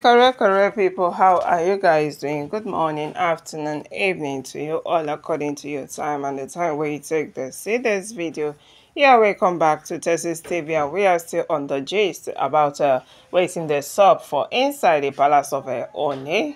Correct, correct people, how are you guys doing? Good morning, afternoon, evening to you all according to your time and the time where you take this. see this video. Yeah, welcome back to Texas TV and we are still on the gist about uh, waiting the sub for inside the palace of uh, One.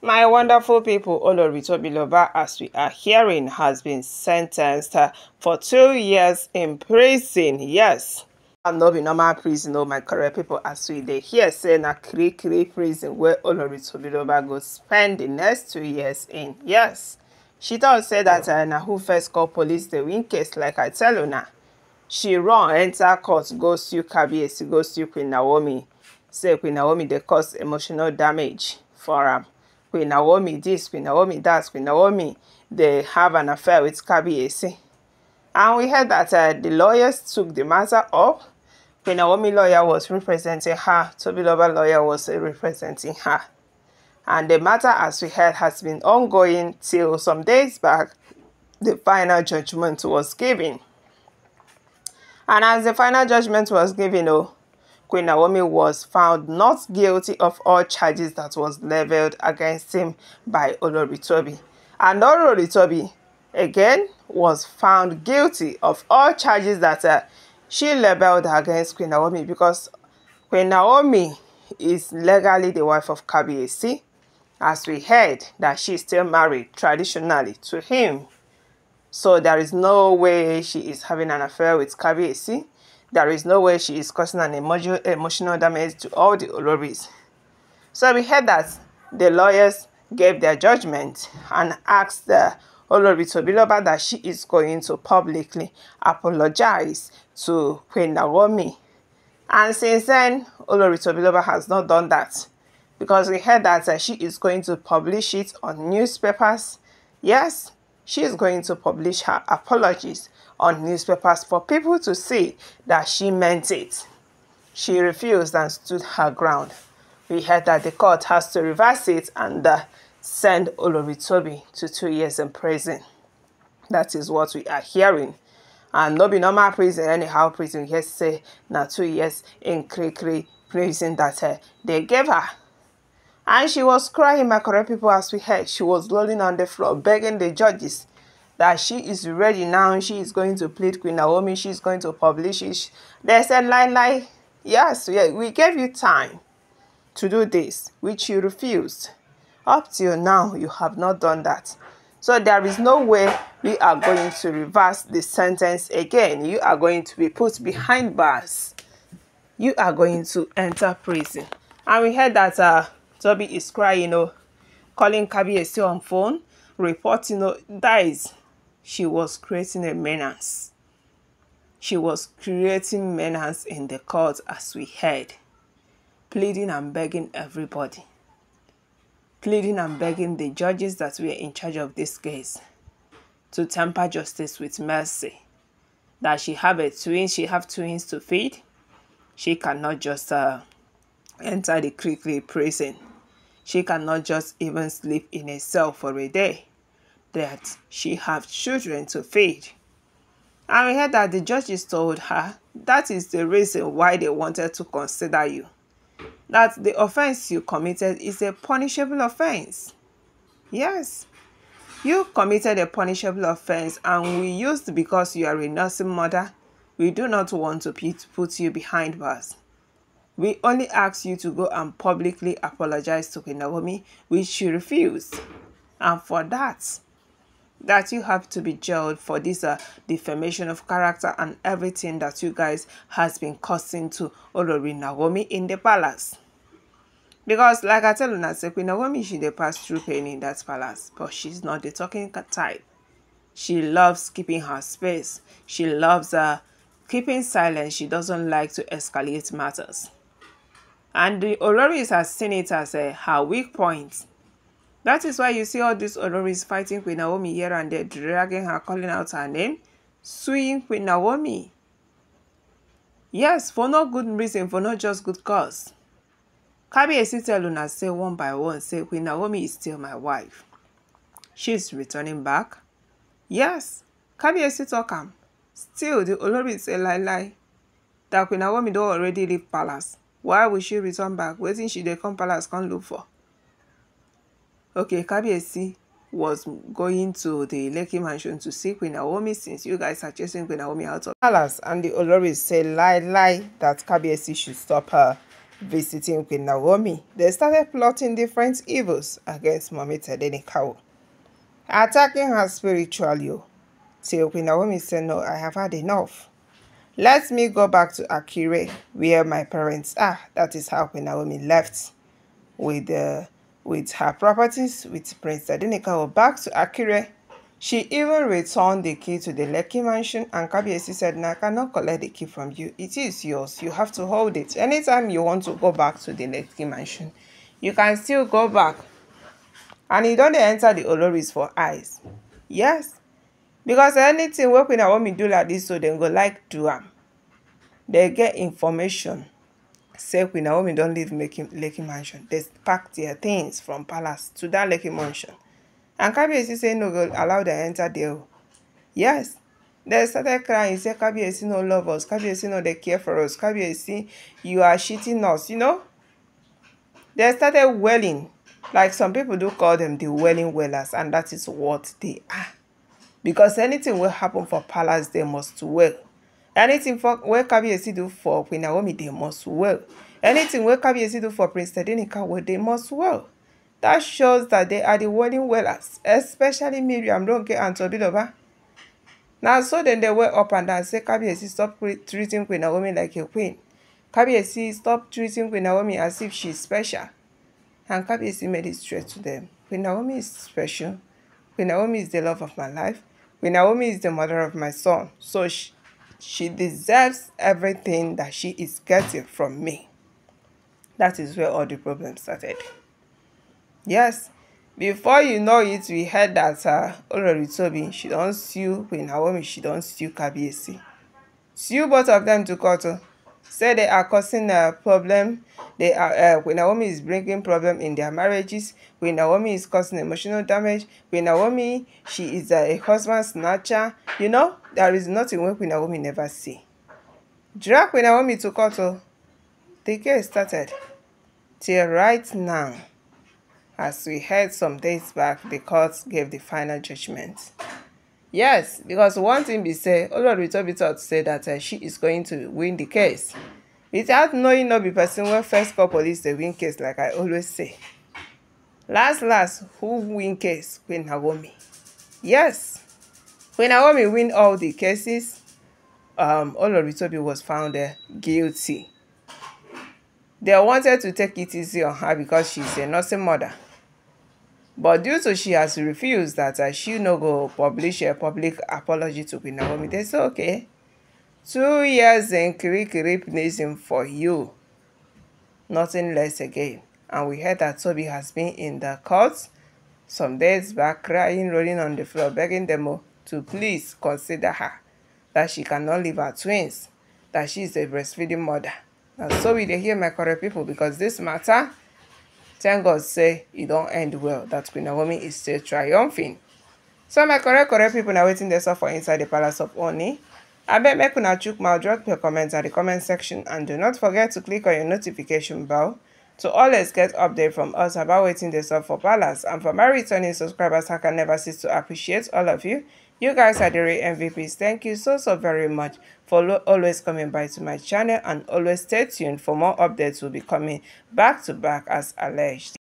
My wonderful people, Olori Tobiloba, as we are hearing, has been sentenced uh, for two years in prison. Yes and no be normal prison No, my correct pipo as we dey hear say na kirikiri prison wey olori tobiloba go spend di next two years in yes she don say dat uh, na who first call police dey win case like i tell una she run enta court go sue kabiyesi go sue queen naomi say queen naomi dey cause emotional damage for am queen naomi dis queen naomi dat queen naomi dey have an affair wit kabiyesi and we heard dat di uh, lawyers took di matter up Naomi lawyer was representing her, Lover lawyer was representing her. And the matter, as we heard, has been ongoing till some days back, the final judgment was given. And as the final judgment was given, oh, Queen Naomi was found not guilty of all charges that was leveled against him by Toby, And Toby again, was found guilty of all charges that uh, she rebelled against Queen Naomi because Queen Naomi is legally the wife of Kabiesi, as we heard that she is still married traditionally to him. So there is no way she is having an affair with Kabiesi. There is no way she is causing an emotional damage to all the Oloris. So we heard that the lawyers gave their judgment and asked the Oloritobi that she is going to publicly apologize to Queen Naomi. And since then, Oloritobi has not done that because we heard that uh, she is going to publish it on newspapers. Yes, she is going to publish her apologies on newspapers for people to see that she meant it. She refused and stood her ground. We heard that the court has to reverse it and uh, send Oloritobi to two years in prison. That is what we are hearing. And no be normal prison, anyhow prison, yes, say, now two years in Krikri prison that uh, they gave her. And she was crying, my correct people, as we heard. She was rolling on the floor, begging the judges that she is ready now. She is going to plead Queen Naomi. She is going to publish it. They said, lie, lie. Yes, we gave you time to do this, which you refused. Up till now, you have not done that. So there is no way we are going to reverse the sentence again. You are going to be put behind bars. You are going to enter prison. And we heard that uh, Toby is crying, you know, calling Kabi is still on phone, reporting, you know, that is, she was creating a menace. She was creating menace in the court as we heard, pleading and begging everybody pleading and begging the judges that were in charge of this case to temper justice with mercy. That she have a twin, she have twins to feed. She cannot just uh, enter the Crickley prison. She cannot just even sleep in a cell for a day. That she have children to feed. And we heard that the judges told her that is the reason why they wanted to consider you that the offense you committed is a punishable offense. Yes, you committed a punishable offense and we used because you are a nursing mother. We do not want to put you behind bars. We only ask you to go and publicly apologize to Queen which she refused. And for that, that you have to be jailed for this uh, defamation of character and everything that you guys has been causing to Olori Nagomi in the palace. Because like I tell you now, Queen Naomi, she did pass through pain in that palace, but she's not the talking type. She loves keeping her space. She loves uh, keeping silent. She doesn't like to escalate matters. And the Oloris has seen it as a, uh, her weak point. That is why you see all these Oloris fighting Queen Naomi here and there, dragging her, calling out her name, suing Queen Naomi. Yes, for no good reason, for not just good cause. Kabiyesi tell una say one by one say Queen Naomi is still my wife. She's returning back. Yes, Kabiyesi talk am. Still, the Olori say lie lie that Queen Naomi don already leave palace. Why will she return back? Wetin she dey come palace come look for? Okay, Kabiyesi was going to the Lekki mansion to see Queen Naomi since you guys are chasing Queen Naomi out of palace and the Olori say lie lie that Kabiyesi should stop her visiting Queen Naomi, they started plotting different evils against Mommy Tedenikawo, attacking her spiritually. Oh. Till Queen Naomi said, no, I have had enough. Let me go back to Akire, where my parents are. That is how Queen Naomi left with, uh, with her properties, with Prince Tedenikawo back to Akire, She even returned the key to the Lekki mansion and Kabiesi said, "No, I cannot collect the key from you. It is yours. You have to hold it. Anytime you want to go back to the Lekki mansion, you can still go back. And you don't enter the Oloris for eyes. Yes. Because anything wey Queen me do like this so then go like to them. They get information say Queen Naomi not leave Lekki Mansion. They pack their things from palace to that Lekki Mansion. And Kabiyesi say no go allow them enter there. Yes, they started crying say Kabiyesi no love us, Kabiyesi no they care for us, Kabiyesi you are cheating us, you know. They started wailing like some people do call them the wailing wailers and that is what they are. Because anything will happen for palace they must wail. Anything for, wey Kabiyesi do for Queen Naomi they must wail. Anything wey Kabiyesi do for Prince Tedinika well, they must wail. That shows that they are the willing wellers, especially Miriam, Ronke, and Tobiloba. Now, so then they were up and down, say, Kabiyesi, stop treating Queen Naomi like a queen. Kabiyesi, stop treating Queen Naomi as if she's special. And Kabiyesi made it straight to them. Queen Naomi is special. Queen Naomi is the love of my life. Queen Naomi is the mother of my son. So she, she deserves everything that she is getting from me. That is where all the problems started. Yes, before you know it, we heard that uh, Oloritobi, she don't sue Queen Naomi, she don't sue Kabiyesi. Sue both of them to court. Oh. Say they are causing a problem. They are, uh, Queen Naomi is bringing problem in their marriages. Queen Naomi is causing emotional damage. Queen Naomi, she is uh, a husband snatcher. You know, there is nothing wey Queen Naomi never see. Drag Queen Naomi to court. Oh. The case started. Till right now. As we heard some days back, the court gave the final judgment. Yes, because one thing be say, Oloritobi thought say that uh, she is going to win the case. Without knowing no be person when first call police they win case like I always say. Last last, who win case? Queen Naomi. Yes, Queen Naomi win all the cases. Um, Oloritobi was found uh, guilty. They wanted to take it easy on her because she's a nursing mother. But due to she has refused that uh, she no go publish a public apology to Queen Naomi, they say, okay, two years in Kirikiri prison for you, nothing less again. And we heard that Toby has been in the court some days back, crying, rolling on the floor, begging them to please consider her, that she cannot leave her twins, that she is a breastfeeding mother. Now, so we dey hear my correct people because this matter thank god say it e don't end well that queen naomi is still triumphing so my correct correct pipo na wetin dey for inside the palace of oni I abeg make una chook my drop your comments at the comment section and do not forget to click on your notification bell to always get update from us about waiting dey sup for palace and for my returning subscribers i can never cease to appreciate all of you You guys are the real MVPs. Thank you so, so very much for always coming by to my channel and always stay tuned for more updates will be coming back to back as alleged.